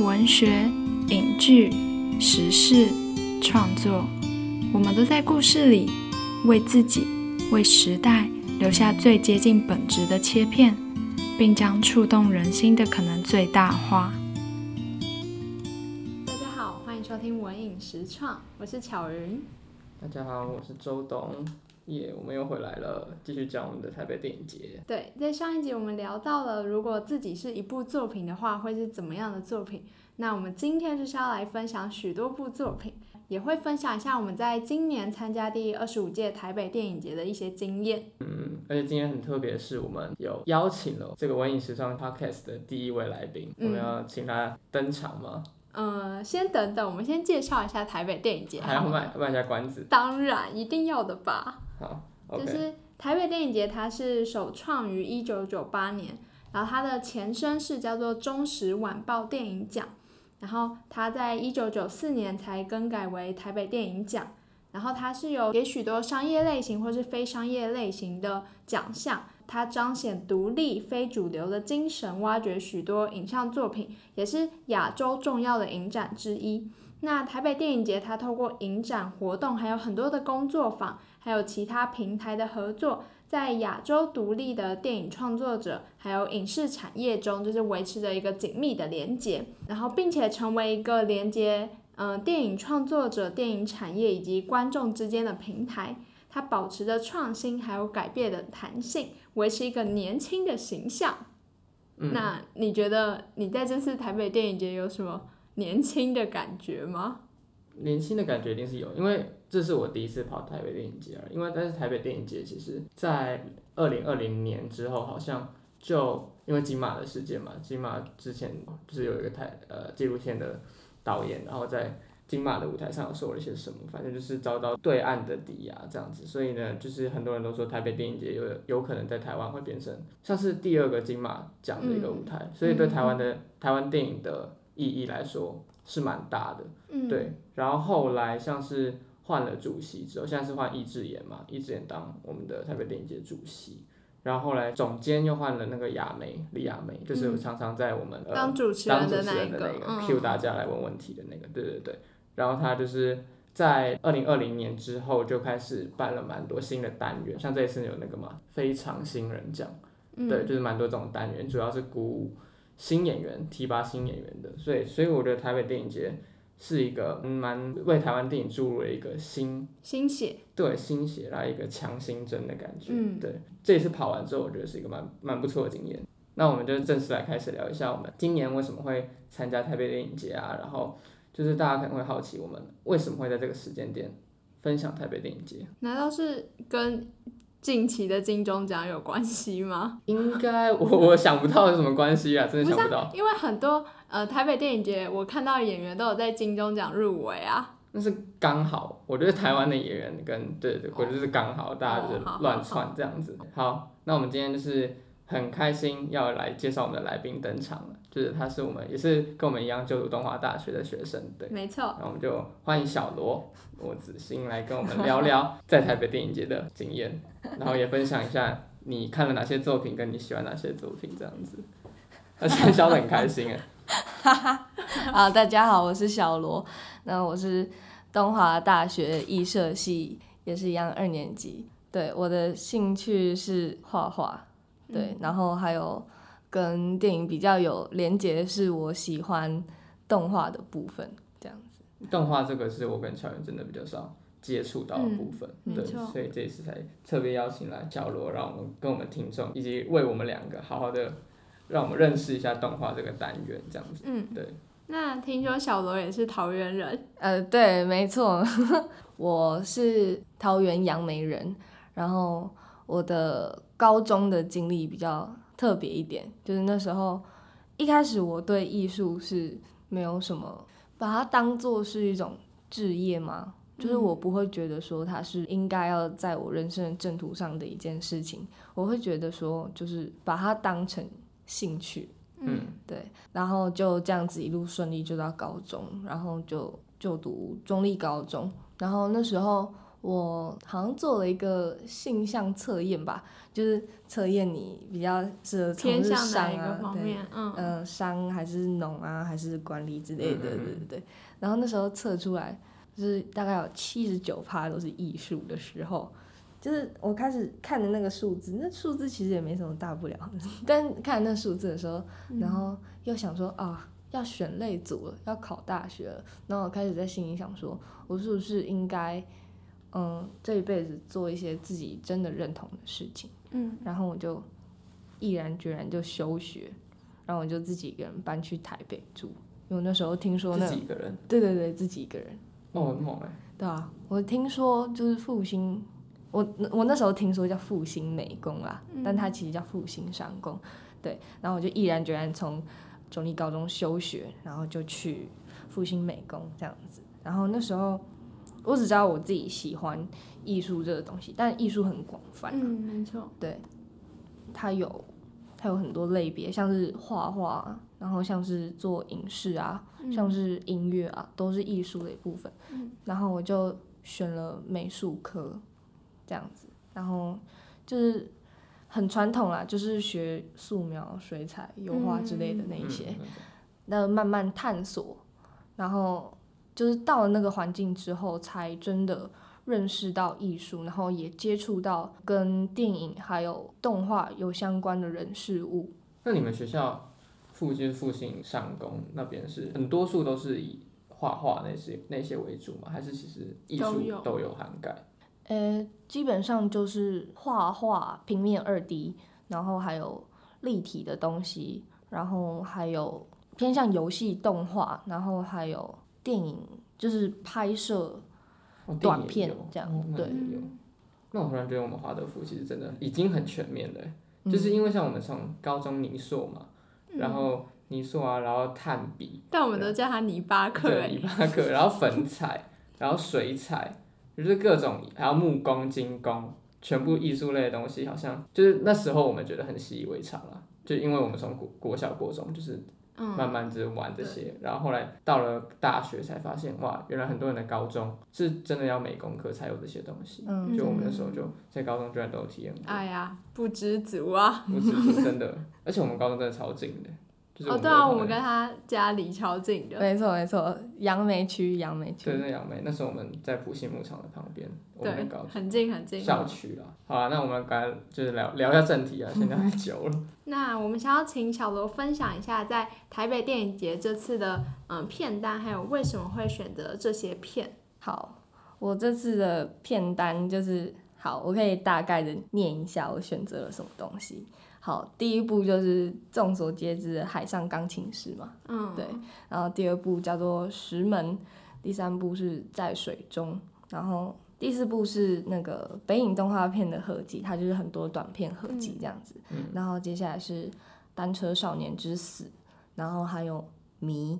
文學、影劇、時事、創作，我們都在故事裡為自己、為時代留下最接近本質的切片，並將觸動人心的可能最大化。大家好，歡迎收聽《文影時創》，我是巧雲。大家好，我是周董。耶，yeah, 我們又回來了，繼續講我們的台北電影節。對，在上一集我們聊到了，如果自己是一部作品的話，會是怎麼樣的作品？那我們今天是要來分享許多部作品，也會分享一下我們在今年參加第二十五屆台北電影節的一些經驗。嗯，而且今天很特別是，我們有邀請了這個《文影時創》podcast 的第一位來賓，嗯、我們要請他登場嗎？嗯、呃，先等等，我們先介紹一下台北電影節。還要賣一下關子。當然，一定要的吧。好，okay，就是台北電影節，它是首創於一九九八年，然後它的前身是叫做《中時晚報電影獎》，然後它在一九九四年才更改為台北電影獎，然後它是有給許多商業類型或是非商業類型的獎項。它彰顯獨立非主流的精神，挖掘許多影像作品，也是亞洲重要的影展之一。那台北電影節它透過影展活動，還有很多的工作坊，還有其他平台的合作，在亞洲獨立的電影創作者還有影視產業中，就是維持着一個緊密的連接，然後並且成為一個連接，嗯、呃，電影創作者、電影產業以及觀眾之間的平台。它保持着創新還有改變的彈性，維持一個年輕的形象。嗯、那你覺得你在這次台北電影節有什麼年輕的感覺嗎？年輕的感覺一定是有，因為這是我第一次跑台北電影節，因為但是台北電影節其實，在二零二零年之後，好像就因為金馬的事件嘛，金馬之前不是有一個台呃紀錄片的導演，然後在。金馬的舞台上說了些什麼？反正就是遭到對岸的打壓這樣子，所以呢，就是很多人都說台北電影節有有可能在台灣會變成像是第二個金馬獎的一個舞台，嗯、所以對台灣的、嗯、台灣電影的意義來說是蠻大的。嗯、對，然後後來像是換了主席之後，現在是換易智言嘛，易智言當我們的台北電影節主席，然後後來總監又換了那個亞梅，李亞梅，就是常常在我們、嗯呃、當主持人的那個，Q 大家來問問題的那個，對對對。然後他就是在二零二零年之後就開始辦了蠻多新的單元，像這一次有那個嘛非常新人獎，嗯、對，就是蠻多這種單元，主要是鼓舞新演員、提拔新演員的。所以，所以我覺得台北電影節是一個蠻為台灣電影注入了一個新新血，對新血，來一個強心針的感覺。嗯、對，這一次跑完之後，我覺得是一個蠻蠻不錯的經驗。那我們就正式來開始聊一下，我們今年為什麼會參加台北電影節啊？然後。就是大家可能會好奇，我們為什麼會在這個時間點分享台北電影節？難道是跟近期的金鐘獎有關係嗎？應該，我我想不到有什麼關係啊，真的想不到。不是啊、因為很多呃台北電影節，我看到的演員都有在金鐘獎入圍啊。那是剛好，我覺得台灣的演員跟，對對，或者是剛好，大家就亂竄這樣子。哦、好，好，好，好，好，那我們今天就是很開心要來介紹我們的來賓登場了。就是他是我們也是跟我們一樣就讀東華大學的學生，對，沒錯。那我們就歡迎小羅羅子欣來跟我們聊聊在台北電影節的經驗， 然後也分享一下你看了哪些作品，跟你喜歡哪些作品這樣子。他今天笑得很開心啊。哈哈，啊，大家好，我是小羅，那我是東華大學藝設系，也是一樣二年級。對，我的興趣是畫畫，對，嗯、然後還有。跟電影比較有連接的是我喜歡動畫的部分，這樣子。動畫這個是我跟喬雲真的比較少接觸到的部分，對，所以這次才特別邀請來小羅，讓我們跟我們聽眾，以及為我們兩個好好的，讓我們認識一下動畫這個單元，這樣子。嗯，對。那聽說小羅也是桃園人？嗯、呃，對，沒錯， 我是桃園楊梅人，然後我的高中的經歷比較。特別一點，就是那時候一開始我對藝術是沒有什麼，把它當做是一種職業嘛。嗯、就是我不會覺得說它是應該要在我人生的正途上的一件事情，我會覺得說就是把它當成興趣，嗯，對，然後就這樣子一路順利就到高中，然後就就讀中立高中，然後那時候。我好像做了一個性向測驗吧，就是測驗你比較適合從事、啊、哪一個方面，對嗯，商、呃、還是農啊，還是管理之類的，對對對。然後那時候測出來，就是大概有七十九趴，都是藝術的時候，就是我開始看的那個數字，那數字其實也沒什麼大不了，嗯、但看那數字的時候，然後又想說啊，要選類組了，要考大學了，然後我開始在心裡想說，我是不是應該。嗯，這一輩子做一些自己真的認同的事情，嗯，然後我就毅然決然就休學，然後我就自己一個人搬去台北住，因為我那時候聽說那自己一個人對對對，自己一個人哦，哎、嗯，很猛，對啊，我聽說就是復興，我我那時候聽說叫復興美工啦，嗯、但它其實叫復興商工，對，然後我就毅然決然從中立高中休學，然後就去復興美工這樣子，然後那時候。我只知道我自己喜歡藝術這個東西，但藝術很廣泛啊。嗯，沒錯。對，它有，它有很多類別，像是畫畫啊，然後像是做影視啊，嗯，像是音樂啊，都是藝術的一部分。嗯，然後我就選了美術科，這樣子，然後就是很傳統啦，就是學素描、水彩、油畫之類的那一些，嗯，那慢慢探索，然後。就是到了那個環境之後，才真的認識到藝術，然後也接觸到跟電影還有動畫有相關的人事物。那你們學校附近附近上工那邊是，很多數都是以畫畫那些那些為主嗎？還是其實藝術都有涵蓋？誒有、欸，基本上就是畫畫、平面二 D，然後還有立體的東西，然後還有偏向遊戲動畫，然後還有。電影就是拍攝短片，哦、這樣，對。那我突然覺得我們華德福其實真的已經很全面了，嗯、就是因為像我們從高中泥塑嘛，嗯、然後泥塑啊，然後炭筆，嗯啊、但我們都叫它泥巴課，泥巴課，然後粉彩， 然後水彩，就是各種還有木工、金工，全部藝術類的東西，好像就是那時候我們覺得很習以為常了，就因為我們從國國小、國中就是。慢慢地玩這些，嗯、然後後來到了大學才發現，哇，原來很多人的高中是真的要美工課才有這些東西。嗯、就我們那時候就在高中居然都有體驗過。哎呀，不知足啊！不知足，真的， 而且我們高中真的超近的。哦，對啊，旁邊 我們跟他家離超近的沒錯。沒錯沒錯，楊梅區楊梅區。區對對楊梅，那是我們在埔心牧場的旁邊，嗯、我們搞對。很近很近。校區了，嗯、好啊，那我們該就是聊聊一下正題啊，閒聊太久了。Okay. 那我們想要請小羅分享一下在台北電影節這次的嗯片單，還有為什麼會選擇這些片？好，我這次的片單就是好，我可以大概的念一下我選擇了什麼東西。好，第一部就是眾所皆知的《海上鋼琴師》嘛，嗯，對，然後第二部叫做《石門》，第三部是在水中，然後第四部是那個北影動畫片的合集，它就是很多短片合集這樣子，嗯，然後接下來是《單車少年之死》，然後還有《迷》，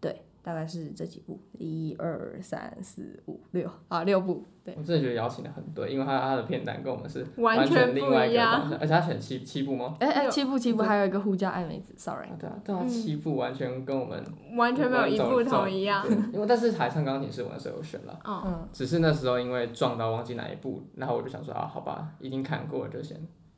對，大概是這幾部，一二三四五六，好，六部。我真的覺得邀請的很對，因為他他的片單跟我們是完全另外一個，而且他選七七部嗎？哎哎，七部七部還有一個呼叫愛美子，sorry。對啊，他七部完全跟我們完全沒有一部同一樣。因為但是台上鋼琴師我的時候我選了，只是那時候因為撞到忘記哪一部，然後我就想說啊，好吧，已經看過了就先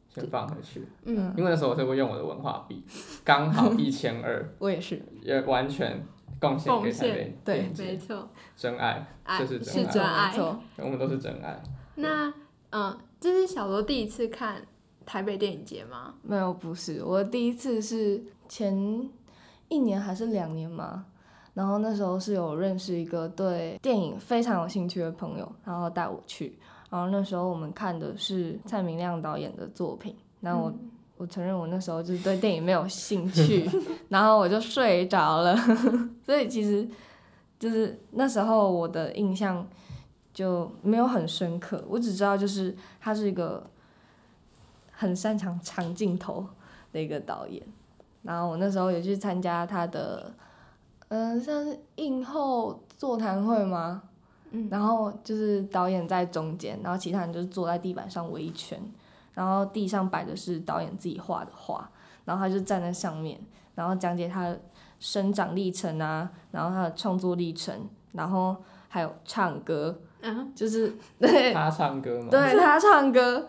先放回去。嗯。因為那時候我就會用我的文化幣，剛好一千二。我也是。也完全。貢獻，獻對，沒錯，真愛，就是真愛，真愛我們都是真愛。嗯、對那，嗯、呃，這是小羅第一次看台北電影節嗎？沒有，不是，我第一次是前一年還是兩年嘛？然後那時候是有認識一個對電影非常有興趣的朋友，然後帶我去，然後那時候我們看的是蔡明亮導演的作品，那我、嗯。我承認我那時候就是對電影沒有興趣， 然後我就睡着了， 所以其實就是那時候我的印象就沒有很深刻。我只知道就是他是一個很擅長長鏡頭的一個導演，然後我那時候也去參加他的，嗯、呃，像是映後座談會嗎？嗯，然後就是導演在中間，然後其他人就是坐在地板上圍一圈。然後地上擺的是導演自己畫的畫，然後他就站在上面，然後講解他的生長歷程啊，然後他的創作歷程，然後還有唱歌，嗯、就是對他唱歌嗎？對他唱歌，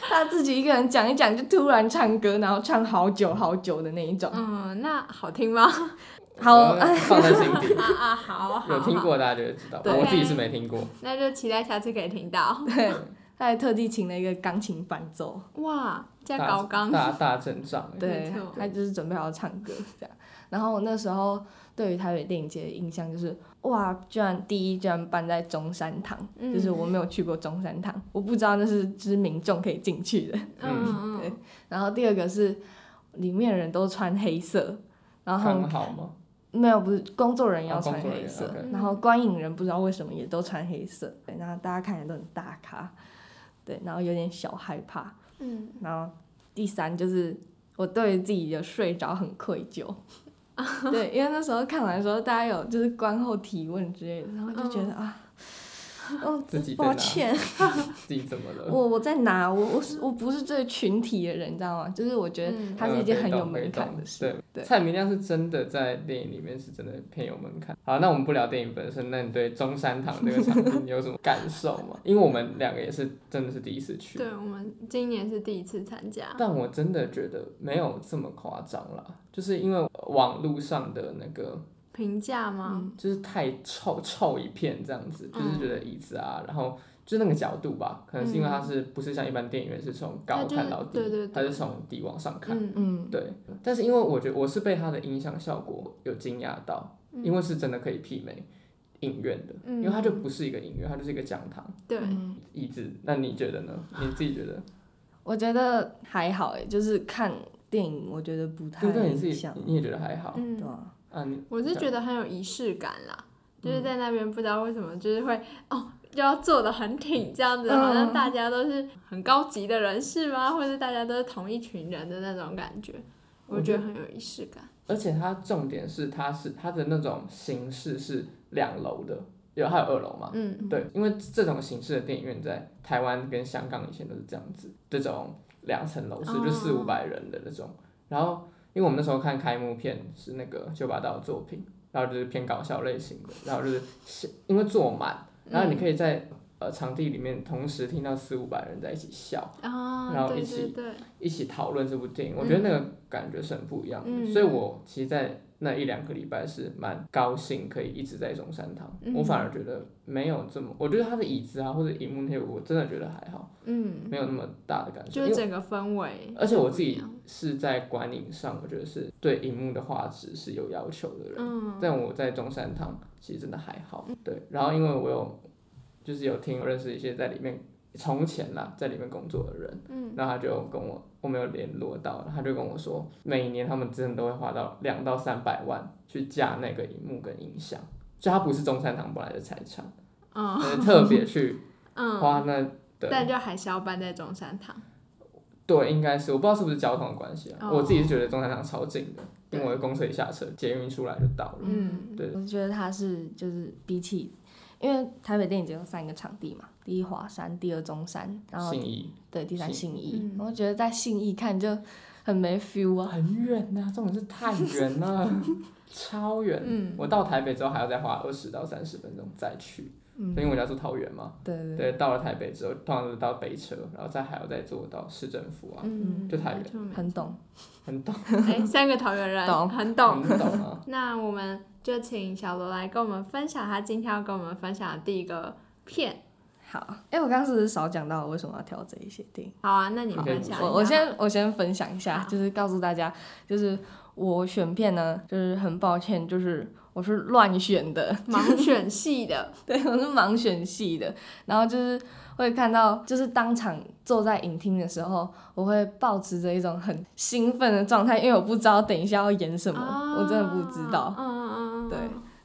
他自己一個人講一講，就突然唱歌，然後唱好久好久的那一種。嗯，那好聽嗎？好、嗯，放在心底。 啊啊，好。有聽過大家就會知道，對我自己是沒聽過。那就期待下次可以聽到。對。他還特地請了一個鋼琴伴奏。哇！在搞鋼琴。大陣仗。對。他就是準備好唱歌這樣。然後我那時候對於台北電影節的印象就是，哇！居然第一居然辦在中山堂，嗯、就是我沒有去過中山堂，我不知道那是知名眾可以進去的。嗯對。然後第二個是裡面的人都穿黑色。然後好嗎？沒有，不是工作人員要穿黑色，啊、然後觀影人不知道為什麼也都穿黑色。嗯、對，那大家看起來都很大咖。對，然後有點小害怕，嗯，然後第三就是我對自己的睡着很愧疚， 對，因為那時候看完的時候，大家有就是觀後提問之類的，然後就覺得啊。嗯哦，自己抱歉， 自己怎麼了？我我在拿我我是我不是這群體的人，你知道嗎？就是我覺得他是一件很有門檻的事。事、嗯、呃。對，對蔡明亮是真的在電影裡面是真的偏有門檻。好，那我們不聊電影本身，那你對中山堂這個場地你有什麼感受嗎？ 因為我們兩個也是真的是第一次去。對，我們今年是第一次參加。但我真的覺得沒有這麼誇張啦，就是因為網路上的那個。評價嗎、嗯？就是太臭臭一片這樣子，就是覺得椅子啊，嗯、然後就是那個角度吧，可能是因為它是不是像一般電影院是從高看到低，它、就是從底往上看，嗯嗯、對。但是因為我覺得我是被它的音響效果有驚訝到，嗯、因為是真的可以媲美影院的，嗯、因為它就不是一個影院，它就是一個講堂。對、嗯，椅子，那你覺得呢？你自己覺得？ 我覺得還好哎就是看電影，我覺得不太、嗯。對，你自己你也覺得還好。嗯對啊啊、我是覺得很有儀式感啦，嗯、就是在那邊不知道為什麼就是會哦，就要坐的很挺這樣子，嗯、好像大家都是很高級的人士、嗯、嗎？或者大家都是同一群人的那種感覺，我覺，我覺得很有儀式感。而且它重點是它是它的那種形式是兩樓的，有還有二樓嘛，嗯，對，因為這種形式的電影院在台灣跟香港以前都是這樣子，這種兩層樓是就四五百人的那種，然後。因為我們那時候看開幕片是那個九把刀作品，然後就是偏搞笑類型的，然後就是因為坐滿，然後你可以在。嗯呃，場地裡面同時聽到四五百人在一起笑，然後一起一起討論這部電影，我覺得那個感覺是很不一樣的。所以我其實，在那一兩個禮拜是蠻高興，可以一直在中山堂。我反而覺得沒有這麼，我覺得他的椅子啊或者熒幕那些，我真的覺得還好，嗯，沒有那麼大的感覺。就整個氛圍。而且我自己是在觀影上，我覺得是對熒幕的畫質是有要求的人。但我在中山堂其實真的還好。對，然後因為我有。就是有聽認識一些在裡面充錢啦，在裡面工作的人，嗯，然後他就跟我，我沒有聯絡到，他就跟我說，每一年他們真的都會花到兩到三百萬去架那個熒幕跟音響，就他不是中山堂本來的財產啊，哦、特別去花那、嗯，但就還是要辦在中山堂，對，應該是，我不知道是不是交通的關係啊，哦、我自己是覺得中山堂超近的，對因為公車一下車，捷運出來就到了，嗯，對，我覺得他是就是比起。BT. 因為台北電影節有三個場地嘛，第一華山，第二中山，然後對第三信義。我覺得在信義看就很沒 feel 啊。很遠吶，這種是太遠了，超遠。我到台北之後還要再花二十到三十分鐘再去。所以我家是桃園嘛。對對。對，到了台北之後，當然是到北車，然後再還要再坐到市政府啊，就太遠。很懂。很懂。哎，三個桃園人，懂，很懂。很懂啊。那我們。就請小羅來跟我們分享他今天要跟我們分享的第一個片。好，哎、欸，我剛是不是少講到為什麼要挑這一些電影？好啊，那你分享一下。我我先我先分享一下，好就是告訴大家，就是我選片呢，就是很抱歉，就是我是亂選的，盲選系的， 對，我是盲選系的，然後就是。會看到，就是當場坐在影廳的時候，我會保持着一種很興奮的狀態，因為我不知道等一下要演什麼，啊、我真的不知道。嗯、啊、對，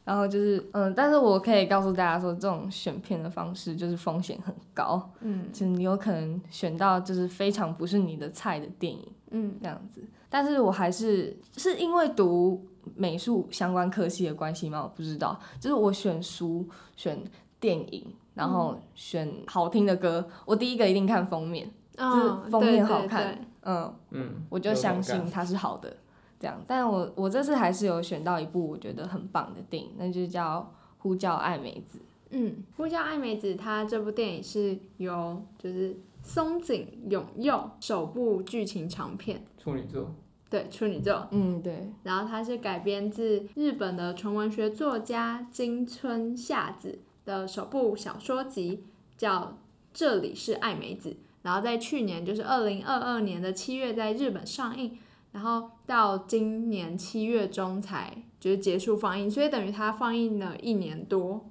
然後就是，嗯，但是我可以告訴大家說，這種選片的方式就是風險很高，嗯，就是你有可能選到就是非常不是你的菜的電影，嗯，這樣子。嗯、但是我還是是因為讀美術相關科系的關係嗎？我不知道，就是我選書選。電影，然後選好聽的歌。我第一個一定看封面，嗯、就是封面好看，嗯，對對對，嗯，我就相信它是好的這樣。但我我這次還是有選到一部我覺得很棒的電影，那就叫《呼叫愛美子》。嗯，《呼叫愛美子》它，這部電影是由就是森井勇佑首部劇情長片，處女作》對，嗯。對，處女作》嗯，對。然後它是改編自日本的純文學作家金春夏子，的首部小說集叫《這裡是愛美子》，然後在去年就是二零二二年的七月在日本上映，然後到今年七月中才就是結束放映，所以等於它放映了一年多。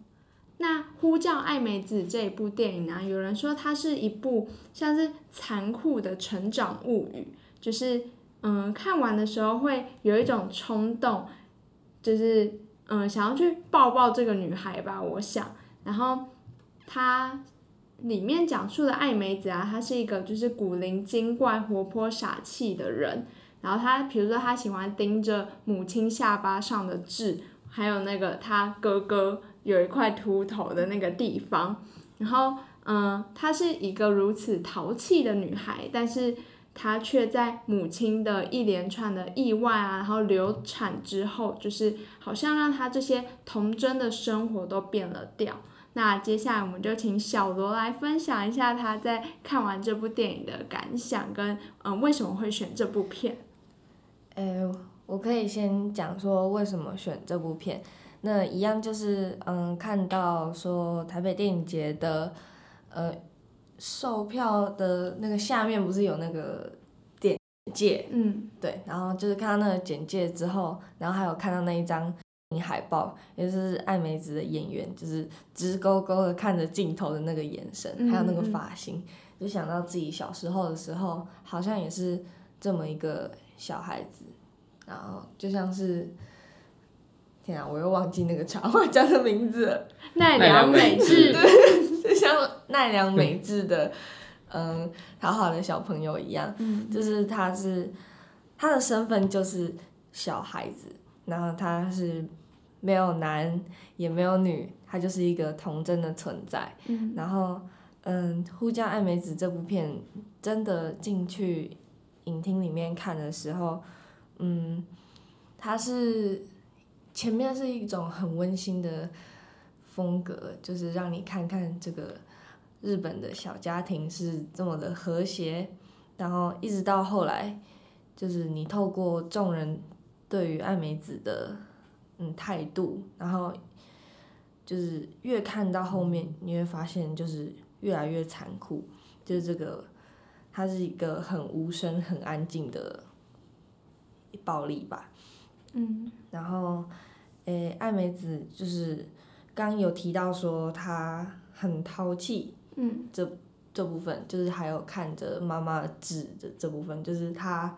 那《呼叫愛美子》這一部電影呢，啊，有人說它是一部像是殘酷的成長物語，就是嗯看完的時候會有一種衝動，就是嗯想要去抱抱這個女孩吧，我想。然後，他裡面講述的愛美子啊，她是一個就是古靈精怪、活潑傻氣的人。然後她，比如說她喜歡盯着母親下巴上的痣，還有那個她哥哥有一塊禿頭的那個地方。然後，嗯，她是一個如此淘氣的女孩，但是她卻在母親的一連串的意外啊，然後流產之後，就是好像讓她這些童真的生活都變了調。那接下來我們就請小羅來分享一下他在看完這部電影的感想跟、跟嗯為什麼會選這部片。呃、欸，我可以先講說為什麼選這部片，那一樣就是嗯看到說台北電影節的，呃，售票的那個下面不是有那個簡介，嗯，對，然後就是看到那個簡介之後，然後還有看到那一張。你海報，也就是愛美子的演員，就是直勾勾的看着鏡頭的那個眼神，嗯嗯，還有那個髮型，就想到自己小時候的時候，好像也是這麼一個小孩子，然後就像是天啊，我又忘記那個插畫家叫的名字，奈良美智， 對，就像奈良美智的 嗯，討好，好的小朋友一樣，嗯嗯，就是他是他的身份就是小孩子，然後他是。沒有男也沒有女，它就是一個童真的存在。嗯，然後，嗯，《呼叫愛美子》這部片真的進去影廳裡面看的時候，嗯，它是前面是一種很溫馨的風格，就是讓你看看這個日本的小家庭是這麼的和諧。然後一直到後來，就是你透過眾人對於愛美子的嗯，態度，然後就是越看到後面，你會發現就是越來越殘酷，就是這個，他是一個很無聲、很安靜的暴力吧。嗯，然後，誒、欸，愛美子就是剛，剛有提到說她很淘氣，嗯，這這部分就是還有看着媽媽指的，的這部分，就是她。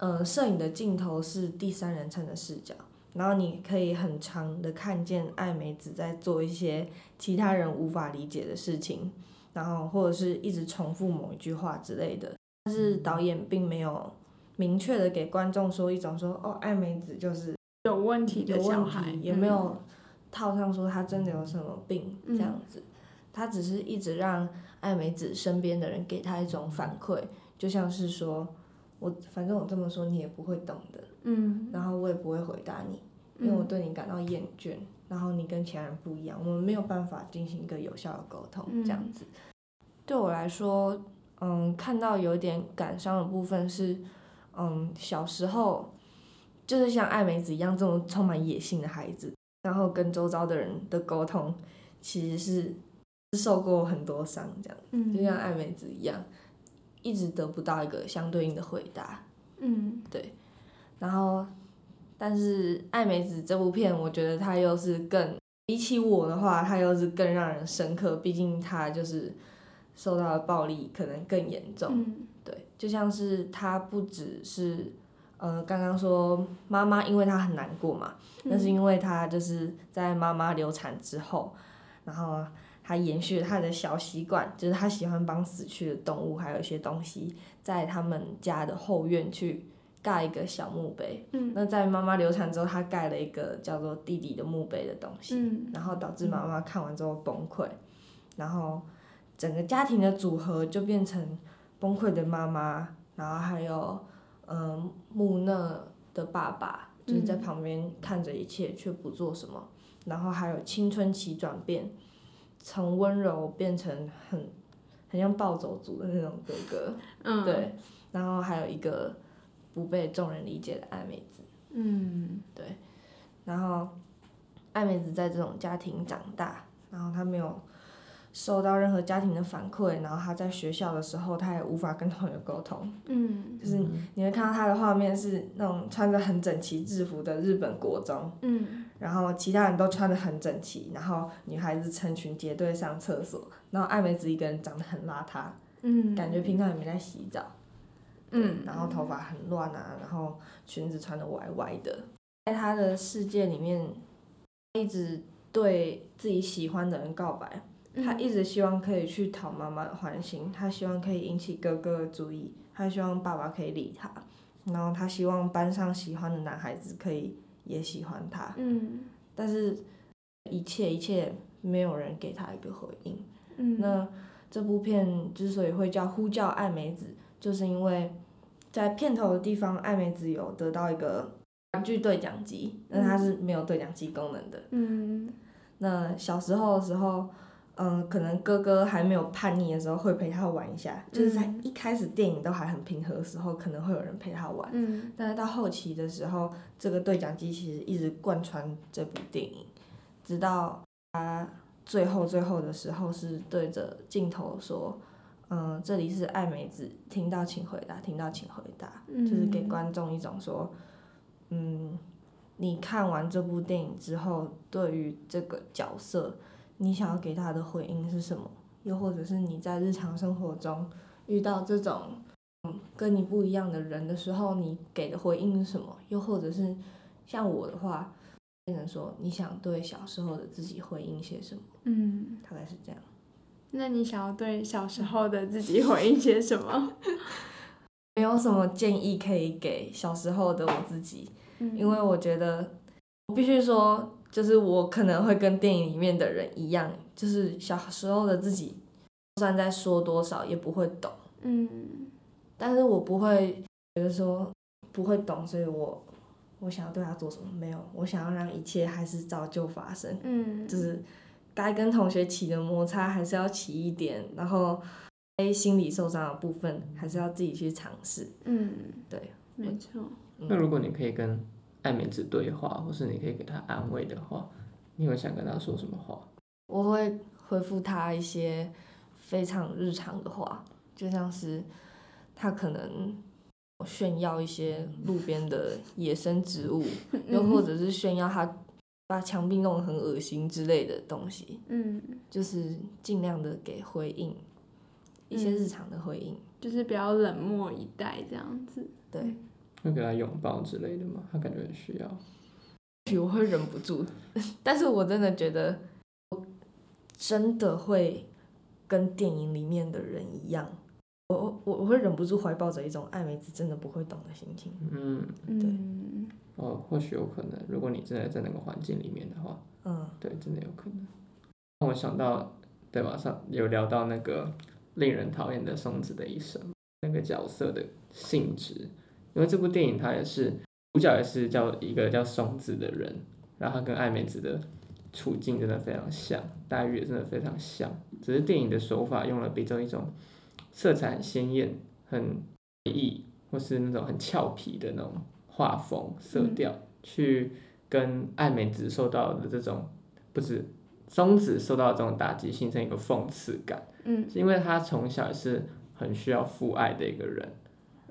呃，攝影的鏡頭是第三人稱的視角，然後你可以很常的看見愛美子在做一些其他人無法理解的事情，然後或者是一直重複某一句話之類的。但是導演並沒有明確的給觀眾說一種說，哦，愛美子就是有問題、有問題的小孩，嗯、也沒有套上說她真的有什麼病、嗯、這樣子，他只是一直讓愛美子身邊的人給她一種反饋，就像是說。我反正我這麼說你也不會懂的，嗯，然後我也不會回答你，嗯、因為我對你感到厭倦，然後你跟其他人不一樣，我們沒有辦法進行一個有效的溝通，嗯、這樣子。對我來說，嗯，看到有點感傷的部分是，嗯，小時候就是像愛美子一樣這種充滿野性的孩子，然後跟周遭的人的溝通其實是，是受過很多傷，這樣，嗯、就像愛美子一樣。一直得不到一個相對應的回答，嗯，對，然後，但是愛美子這部片，我覺得它又是更比起我的話，它又是更讓人深刻，畢竟它就是受到的暴力，可能更嚴重，嗯，對，就像是她不只是，呃，剛剛說媽媽因為她很難過嘛，那、嗯、是因為她就是在媽媽流產之後，然後、啊。他延續了他的小習慣，就是他喜歡幫死去的動物還有一些東西，在他們家的後院去蓋一個小墓碑。嗯、那在媽媽流產之後，他蓋了一個叫做弟弟的墓碑的東西，嗯、然後導致媽媽看完之後崩潰，嗯、然後整個家庭的組合就變成崩潰的媽媽，然後還有嗯、呃、木訥的爸爸，就是在旁邊看着一切卻不做什麼，嗯、然後還有青春期轉變，從溫柔變成很很像暴走族的那種哥哥，嗯、對，然後還有一個不被眾人理解的愛美子，嗯，對，然後愛美子在這種家庭長大，然後他沒有收到任何家庭的反饋，然後他在學校的時候，他也無法跟同學溝通，嗯，就是你會看到他的畫面是那種穿着很整齊制服的日本國中，嗯。然後其他人都穿得很整齊，然後女孩子成群結隊上廁所，然後愛美子一個人長得很邋遢，嗯，感覺平常也沒在洗澡，嗯，然後頭髮很亂啊，嗯、然後裙子穿得歪歪的，在他的世界裡面，一直對自己喜歡的人告白，他一直希望可以去討媽媽的歡心，他希望可以引起哥哥的注意，他希望爸爸可以理他，然後他希望班上喜歡的男孩子可以，也喜歡他，嗯、但是一切一切沒有人給他一個回應。嗯、那這部片之所以會叫《呼叫愛美子》，就是因為在片頭的地方，愛美子有得到一個玩具對講機，那它是，是沒有對講機功能的。嗯、那小時候的時候。嗯，可能哥哥還沒有叛逆的時候，會陪他玩一下，嗯、就是在一開始電影都還很平和的時候，可能會有人陪他玩、嗯。但是到後期的時候，這個對講機其實一直貫穿這部電影，直到他最後最後的時候，是對着鏡頭說，嗯，這裡是愛美子，聽到請回答，聽到請回答，嗯、就是給觀眾一種說，嗯，你看完這部電影之後，對於這個角色。你想要給他的回應是什麼？又或者是你在日常生活中遇到這種跟你不一樣的人的時候，你給的回應是什麼？又或者是像我的話，只能說你想對小時候的自己回應些什麼？嗯，大概是這樣。那你想要對小時候的自己回應些什麼？ 沒有什麼建議可以給小時候的我自己，因為我覺得我必須說。就是我可能會跟電影裡面的人一樣，就是小時候的自己，就算在說多少也不會懂。嗯，但是我不會覺得說不會懂，所以我我想要對他做什麼沒有，我想要讓一切還是照舊發生。嗯，就是該跟同學起的摩擦還是要起一點，然後誒心理受傷的部分還是要自己去嘗試。嗯，對，沒錯。嗯、那如果你可以跟。愛美子對話，或是你可以給他安慰的話，你會想跟他說什麼話？我會回復他一些非常日常的話，就像是他可能炫耀一些路邊的野生植物， 又或者是炫耀他把牆壁弄得很惡心之類的東西。嗯，就是盡量的給回應一些日常的回應，嗯、就是比較冷漠以待這樣子。對。會給他擁抱之類的嗎？他感覺很需要。或許我會忍不住，但是我真的覺得，我真的會跟電影裡面的人一樣，我我我會忍不住懷抱着一種愛美子真的不會懂的心情。嗯，對。嗯。哦，或許有可能，如果你真的在那個環境裡面的話，嗯，對，真的有可能。讓我想到，對吧？上有聊到那個令人討厭的松子的一生，那個角色的性質。因為這部電影，它也是主角也是叫一個叫松子的人，然後他跟愛美子的處境真的非常像，待遇也真的非常像，只是電影的手法用了比較一種色彩很鮮艷、很詭異或是那種很俏皮的那種畫風色調，嗯、去跟愛美子受到的這種不是松子受到這種打擊形成一個諷刺感，嗯，是因為他從小也是很需要父愛的一個人。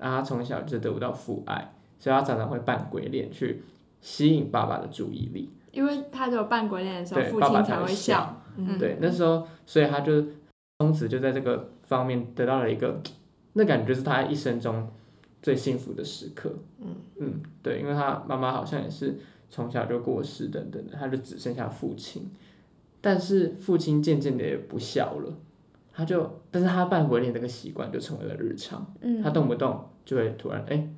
後、啊、他從小就得不到父愛，所以他常常會扮鬼臉去吸引爸爸的注意力，因為他只有扮鬼臉的時候，對父親才會笑。對，那時候，所以他就，從此就在這個方面得到了一個，那感覺是他一生中最幸福的時刻。嗯嗯，對，因為他媽媽好像也是從小就過世，等等的，他就只剩下父親，但是父親漸漸的也不笑了。他就，但是他扮鬼臉這個習慣就成為了日常。嗯，他動不動就會突然哎，欸、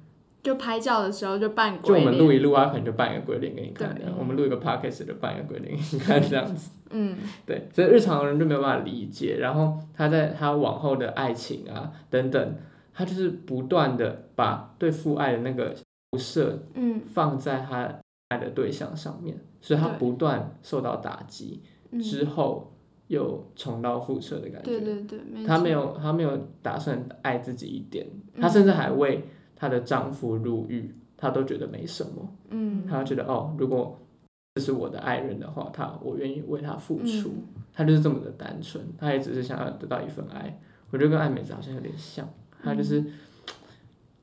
就拍照的時候就扮鬼，就我們錄一錄啊，對可能就扮一個鬼臉給你看，看對。我們錄一個 Podcast 就扮一個鬼臉，你看這樣子。 嗯，對，所以日常人就沒有辦法理解。然後他在他往後的愛情啊等等，他就是不斷的把對父愛的那個投射，嗯，放在他愛的對象上面，嗯、所以他不斷受到打擊對之後。嗯又重蹈覆轍的感覺，對對對、她沒，沒有，她沒有打算愛自己一點，她、嗯、甚至還為她的丈夫入獄，她都覺得沒什麼。她、嗯、覺得哦，如果這是我的愛人的話，她我願意為他付出，她、嗯、就是這麼的單純，她也只是想要得到一份愛。嗯、我覺得跟愛美子好像有點像，她就是、嗯、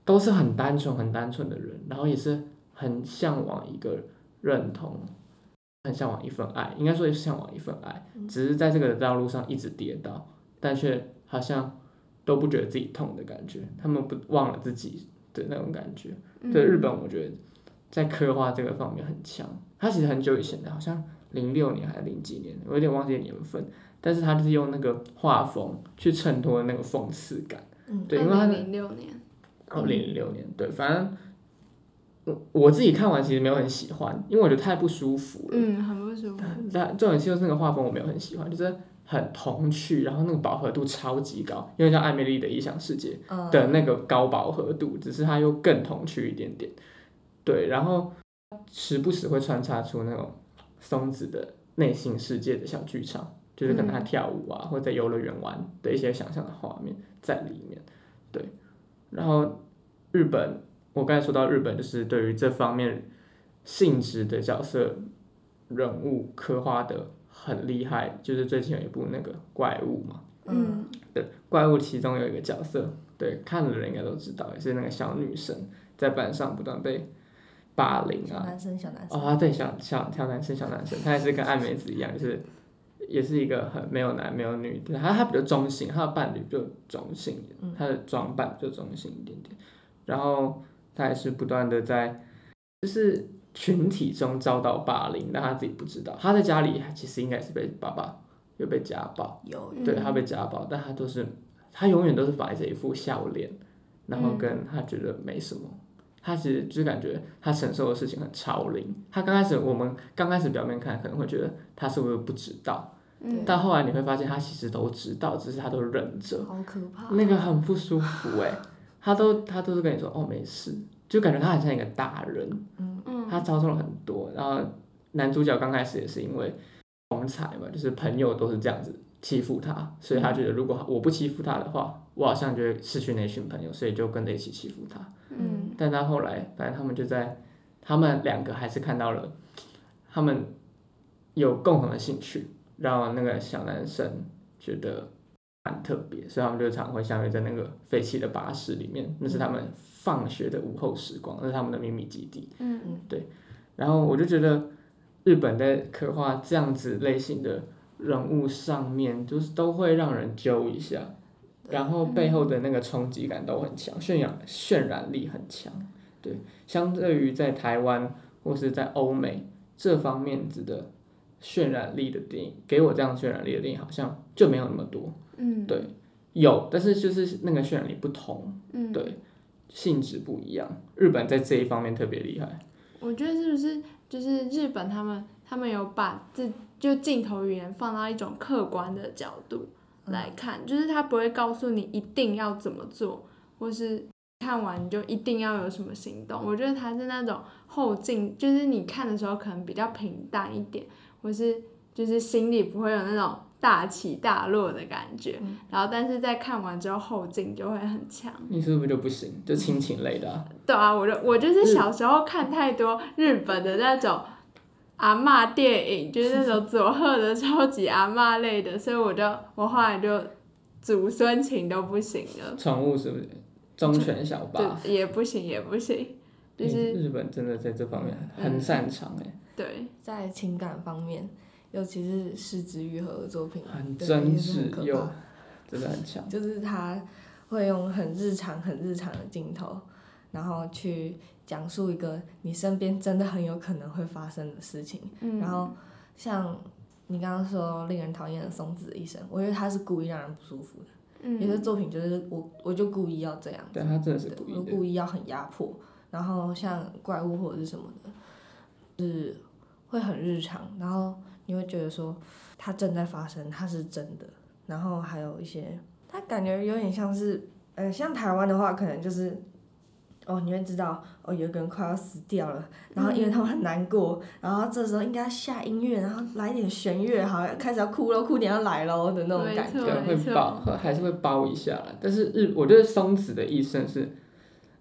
都是很單純、很單純的人，然後也是很嚮往一個認同。嚮往一份愛，應該說也是嚮往一份愛，嗯、只是在這個道路上一直跌倒，但卻好像都不覺得自己痛的感覺。他們不忘了自己的那種感覺。嗯、對日本，我覺得在刻畫這個方面很強。他其實很久以前的，好像零六年還是零幾年，我有點忘記年份。但是他就是用那個畫風去襯托那個諷刺感。嗯、對，太 因為他零六年。哦、嗯，零六年，對，反正，我自己看完其實沒有很喜歡，因為我覺得太不舒服了。嗯，很不舒服。但這種就是那個畫風我沒有很喜歡，就是很童趣，然後那個飽和度超級高，因為像艾米麗的異想世界的那個高飽和度，只是它又更童趣一點點。對，然後時不時會穿插出那種松子的內心世界的小劇場，就是跟他跳舞啊，嗯、或者在遊樂園玩的一些想象的畫面在裡面。對，然後日本。我剛才說到日本，就是對於這方面性質的角色人物刻畫得很厲害，就是最近有一部那個怪物嘛，嗯，對，怪物其中有一個角色，對，看了的人應該都知道，也是那個小女生在班上不斷被霸凌啊，小男生小男生啊，對，小小小男生、哦、小、小、小、男生小男生，他也是跟愛美子一樣，是是就是也是一個很沒有男沒有女的，他他比較中性，他的伴侶就中性，他的裝扮就中性一點點，嗯、然後，他也是不斷的在，就是群體中遭到霸凌，但他自己不知道。他在家裡其實應該是被爸爸有被家暴，嗯、對他被家暴，但他都是，他永遠都是擺着一副笑臉，然後跟他覺得沒什麼。嗯、他其實就感覺他承受的事情很超齡。他剛開始，我們剛開始表面看可能會覺得他是會不是不知道，嗯、但後來你會發現他其實都知道，只是他都忍着。好可怕。那個很不舒服誒、欸。 他都他都是跟你說，哦，沒事，就感覺他很像一個大人，嗯嗯，嗯，他遭受了很多，然後男主角剛開始也是因為同儕嘛，就是朋友都是這樣子欺負他，所以他覺得如果我不欺負他的話，嗯、我好像就會失去那群朋友，所以就跟着一起欺負他，嗯，但他後來反正他們就在他們兩個還是看到了他們有共同的興趣，讓那個小男生覺得。特別，所以他們就常會相遇在那個廢棄的巴士裡面，那是他們放學的午後時光，那是他們的秘密基地。嗯嗯，對。然後我就覺得，日本在刻畫這樣子類型的人物上面，就是都會讓人揪一下，然後背後的那個衝擊感都很強，渲染、嗯、渲染力很強。對，相對於在台灣或是在歐美這方面子的。渲染力的電影，給我這樣渲染力的電影好像就沒有那麼多。嗯，對，有，但是就是那個渲染力不同。嗯，對，性質不一樣。日本在這一方面特別厲害。我覺得是不是就是日本他們他們有把這就鏡頭語言放到一種客觀的角度來看，嗯。就是他不會告訴你一定要怎麼做，或是看完你就一定要有什麼行動。我覺得他是那種後勁，就是你看的時候可能比較平淡一點。我是就是心裡不會有那種大起大落的感覺，嗯、然後但是，在看完之後後勁就會很強。你是不是就不行？就親情類的、啊。對啊，我就我就是小時候看太多日本的那種阿嬤電影，就是那種佐賀的超級阿嬤類的， 所以我就我後來就祖孫情都不行了。寵物是不是忠犬小八也不行？也不行。也不行就是、日本真的在這方面很擅長哎、嗯，對，在情感方面，尤其是是枝裕和的作品，很真實很可怕，真的很強。就是他會用很日常、很日常的鏡頭，然後去講述一個你身邊真的很有可能會發生的事情。嗯、然後像你剛剛說，令人討厭的松子一生，我覺得他是故意讓人不舒服的。有些、嗯、作品就是我我就故意要這樣子，對，他真的是故意，故意要很壓迫。然後像怪物或者是什麼的，就是會很日常，然後你會覺得說它正在發生，它是真的。然後還有一些，它感覺有點像是，呃，像台灣的話，可能就是哦，你會知道哦，有個人快要死掉了，然後因為他們很難過，嗯、然後這時候應該要下音樂，然後來點弦樂，好像開始要哭了，哭點要來了的那種感覺，會包還是會包一下，但是日，我覺得松子的一生是。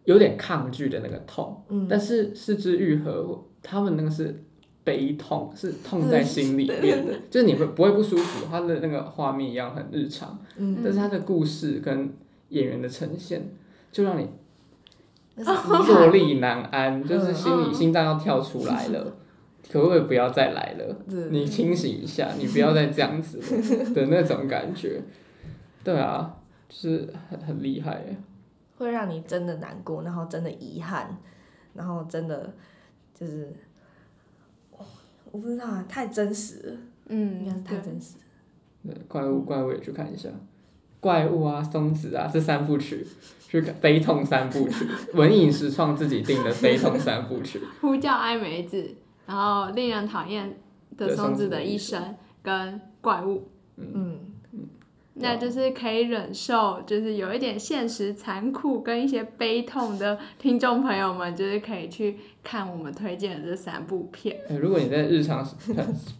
有點抗拒的那個痛，嗯、但是是之愈合，他們那個是悲痛，是痛在心裡面的，就是你會不會不舒服？他的那個畫面一樣很日常，嗯、但是他的故事跟演員的呈現，就讓你坐立難安，哦、就是心裡心臟要跳出來了，嗯、可不可以不要再來了？對你清醒一下，你不要再這樣子對 的，那種感覺，對啊，就是很很厲害。會讓你真的難過，然後真的遺憾，然後真的就是，我不知道啊，太真實了，嗯，應該是太真實了對。對，怪物怪物，也去看一下，嗯、怪物啊，松子啊，這三部曲，去看 悲痛三部曲，文影時創自己定的悲痛三部曲。 呼叫愛美子，然後令人討厭的松子的一生，跟怪物，嗯。嗯那就是可以忍受，就是有一點現實殘酷跟一些悲痛的聽眾朋友們，就是可以去看我們推薦的這三部片。欸。如果你在日常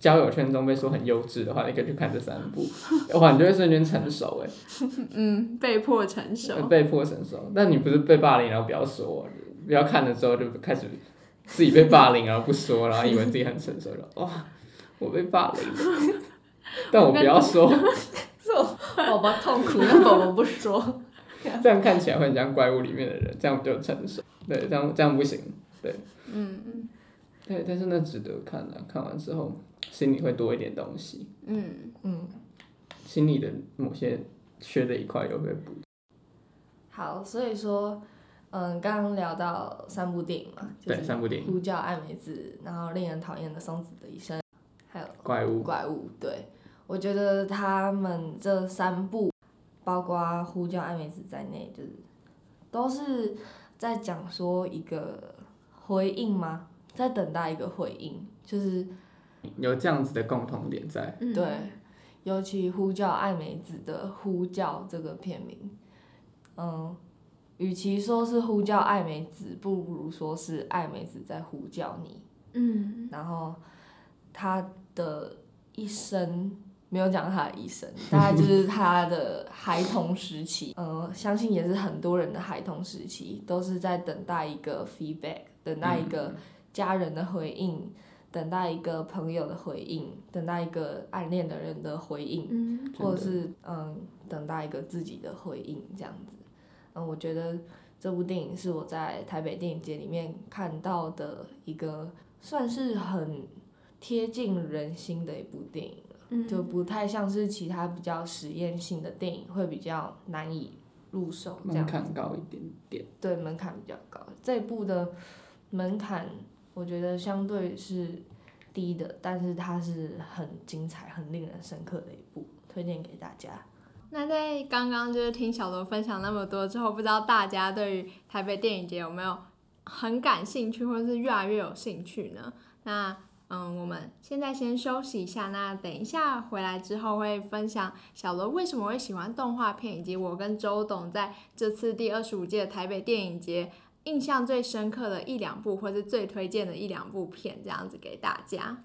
交友圈中被說很優質的話，你可以去看這三部，的話，你就會瞬間成熟哎、欸。嗯，被迫成熟。被迫成熟，但你不是被霸凌然後不要說，不要看了之後就開始自己被霸凌，然後不說，然後以為自己很成熟了，哇，我被霸凌，但我不要說。我跟 寶寶痛苦，那寶寶不說。 這樣看起來會很像怪物裡面的人，這樣就成熟。對，這樣這樣不行。對，嗯嗯。對，但是那值得看的、啊，看完之後心裡會多一點東西。嗯嗯。嗯，心裡的某些缺的一塊又會補。好，所以說，嗯，剛剛聊到三部電影嘛，對，三部電影，呼叫愛美子，然後《令人討厭的松子的一生》，還有怪物，怪物，對。我覺得他們這三部，包括《呼叫愛美子》在內，就是都是在講說一個回應嗎？在等待一個回應，就是有這樣子的共同點在。嗯嗯，對，尤其《呼叫愛美子》的“呼叫”這個片名，嗯，與其說是呼叫愛美子，不如說是愛美子在呼叫你。嗯，然後她的一生。沒有講他的一生，大概就是他的孩童時期。 嗯，相信也是很多人的孩童時期，都是在等待一個 feedback，等待一個家人的回應，嗯、等待一個朋友的回應，等待一個暗戀的人的回應，嗯、或者是的嗯，等待一個自己的回應這樣子。嗯，我覺得這部電影是我在台北電影節裡面看到的一個算是很貼近人心的一部電影。就不太像是其他比較實驗性的電影，會比較難以入手這樣。門檻高一點點。對，門檻比較高。這部的門檻，我覺得相對是低的，但是它是很精彩，很令人深刻的一部，推薦給大家。那在剛剛就是聽小羅分享那麼多之後，不知道大家對於台北電影節有沒有很感興趣，或者是越來越有興趣呢？那。嗯，我們現在先休息一下。那等一下回來之後，會分享小羅為什麼會喜歡動畫片，以及我跟周董在這次第二十五屆台北電影節印象最深刻的一兩部，或者是最推薦的一兩部片，這樣子給大家。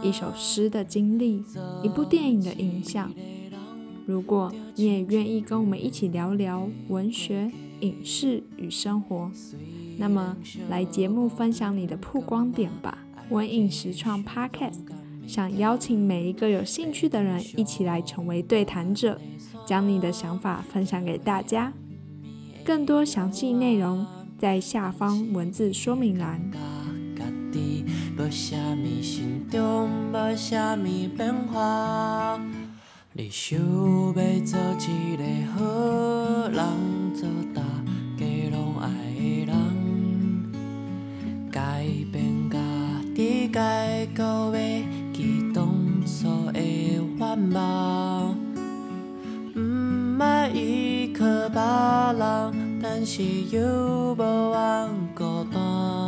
一首詩的經歷，一部電影的影響。如果你也願意跟我們一起聊聊文學、Okay, 影視與生活，那麼來節目分享你的曝光點吧！文影時創 Podcast 想邀請每一個有興趣的人一起來成為對談者，將你的想法分享給大家。更多詳細內容在下方文字說明欄。要啥物？沒什麼心中要啥物變化。你想要做一個好人，做大家攏愛的人。改變家己，該告白，該當初的願望，唔愛依靠別人，但是又無法孤單。